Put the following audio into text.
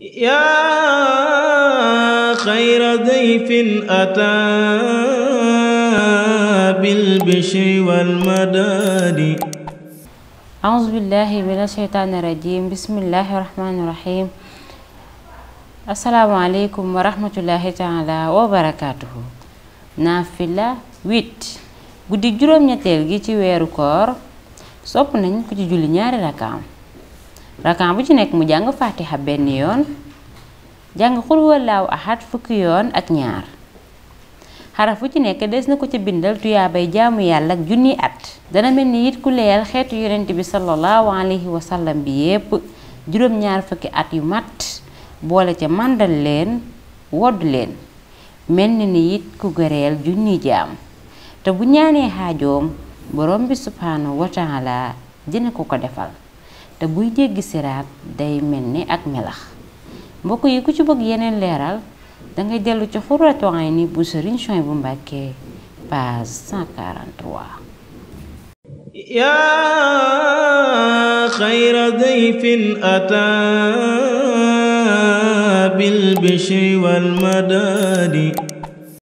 yaa xayra dayfin ataa bil bishri wal madaadi auzu billahi mina rajiim bismillahi rahmaani rahiim assalaamu aleykum wa rahmatullahi taala wa barakaatuhu naafila guddi juróom-ñetteel gi ci weeru koor sopp nañ ko ci julli ñaari rakaam rakan bu ci nekk mu jàng fatiha benn yoon jàng xul wallaahu fukki yoon ak ñaar xaraf bu ci nekk des na ko ca bindal tuyaabay jaamu yàlla ak junni at dana mel ni it ku leyal xeetu yonent bi sallallahu alayhi wa bi yépp juróom-ñaar fukki at yu matt boole ca màndal leen wodd leen mel na ni it ku gëreel junni jaam te bu ñaanee xaajoom borom bi subhaanahu wa dina ko ko defal te buy jéggi siraat day mel ni ak melax mbokk yi ku ci bëgg yeneen leeral dangay dellu ci Xurratu Ayni bu Sëriñ Suhaybu Mbàkke page 143 yaa xayra dayfin ataa bil bishri wal